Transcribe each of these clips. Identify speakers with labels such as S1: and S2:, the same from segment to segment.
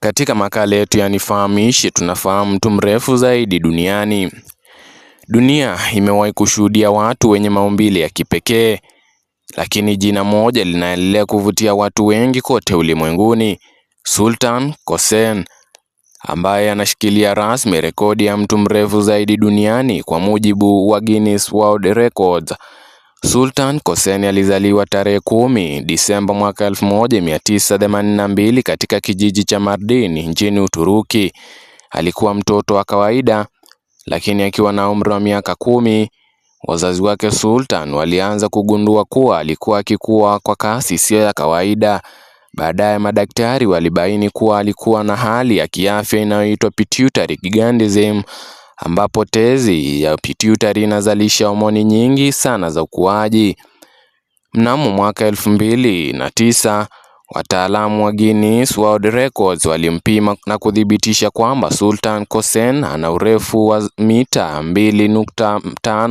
S1: Katika makala yetu ya Nifahamishe tunafahamu mtu mrefu zaidi duniani. Dunia imewahi kushuhudia watu wenye maumbile ya kipekee, lakini jina moja linaendelea kuvutia watu wengi kote ulimwenguni, Sultan Kosen ambaye anashikilia rasmi rekodi ya mtu mrefu zaidi duniani kwa mujibu wa Guinness World Records. Sultan koseni alizaliwa tarehe kumi Disemba mwaka 1982 katika kijiji cha Mardin nchini Uturuki. Alikuwa mtoto wa kawaida, lakini akiwa na umri wa miaka kumi, wazazi wake Sultan walianza kugundua kuwa alikuwa akikua kwa kasi isiyo ya kawaida. Baadaye madaktari walibaini kuwa alikuwa na hali ya kiafya inayoitwa pituitary gigantism ambapo tezi ya pituitary inazalisha homoni nyingi sana za ukuaji. Mnamo mwaka elfu mbili na tisa wataalamu wa Guinness World Records walimpima na kuthibitisha kwamba Sultan Kosen ana urefu wa mita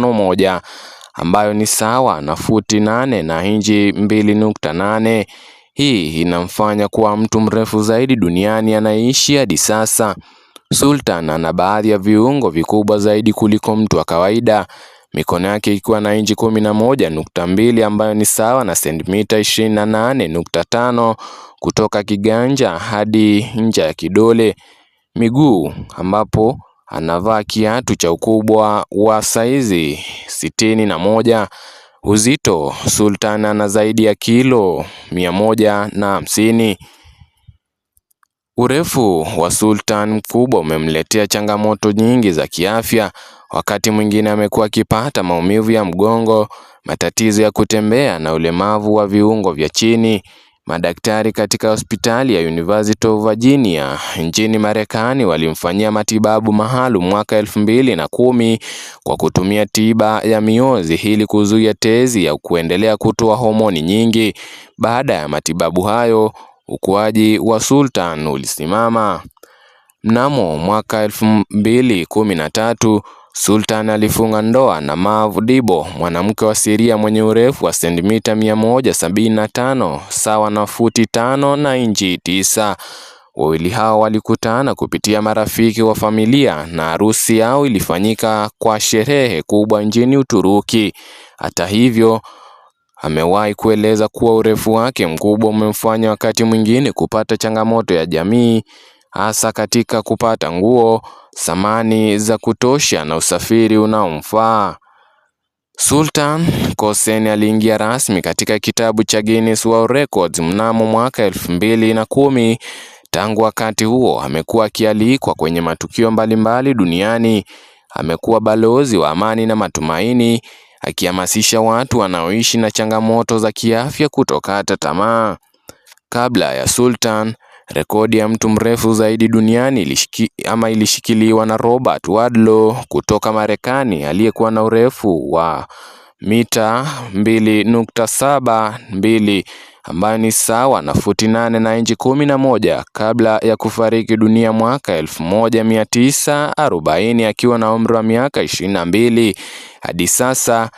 S1: moja ambayo ni sawa na futi nane na nukta nane. Hii inamfanya kuwa mtu mrefu zaidi duniani anayeishi hadi sasa. Sultan ana baadhi ya viungo vikubwa zaidi kuliko mtu wa kawaida, mikono yake ikiwa na inchi 11.2 ambayo ni sawa na sentimita 28.5 kutoka kiganja hadi ncha ya kidole. Miguu ambapo anavaa kiatu cha ukubwa wa saizi sitini na moja. Uzito Sultan ana zaidi ya kilo mia moja na hamsini. Urefu wa Sultan mkubwa umemletea changamoto nyingi za kiafya. Wakati mwingine amekuwa akipata maumivu ya mgongo, matatizo ya kutembea na ulemavu wa viungo vya chini. Madaktari katika hospitali ya University of Virginia nchini Marekani walimfanyia matibabu maalum mwaka elfu mbili na kumi kwa kutumia tiba ya miozi ili kuzuia tezi ya kuendelea kutoa homoni nyingi. Baada ya matibabu hayo Ukuaji wa Sultan ulisimama. Mnamo mwaka elfu mbili kumi na tatu Sultan alifunga ndoa na Mav Dibo, mwanamke wa Siria mwenye urefu wa sentimita 175 sawa na futi tano na inji tisa. Wawili hao walikutana kupitia marafiki wa familia na harusi yao ilifanyika kwa sherehe kubwa nchini Uturuki. Hata hivyo Amewahi kueleza kuwa urefu wake mkubwa umemfanya wakati mwingine kupata changamoto ya jamii hasa katika kupata nguo, samani za kutosha na usafiri unaomfaa. Sultan Kosen aliingia rasmi katika kitabu cha Guinness World Records mnamo mwaka elfu mbili na kumi. Tangu wakati huo amekuwa akialikwa kwenye matukio mbalimbali duniani. Amekuwa balozi wa amani na matumaini akihamasisha watu wanaoishi na changamoto za kiafya kutokata tamaa. Kabla ya Sultan, rekodi ya mtu mrefu zaidi duniani ilishiki, ama ilishikiliwa na Robert Wadlow kutoka Marekani aliyekuwa na urefu wa mita 2.72 ambayo ni sawa na futi nane na inchi kumi na moja kabla ya kufariki dunia mwaka elfu moja arobaini akiwa na umri wa miaka ishirini na mbili Hadi sasa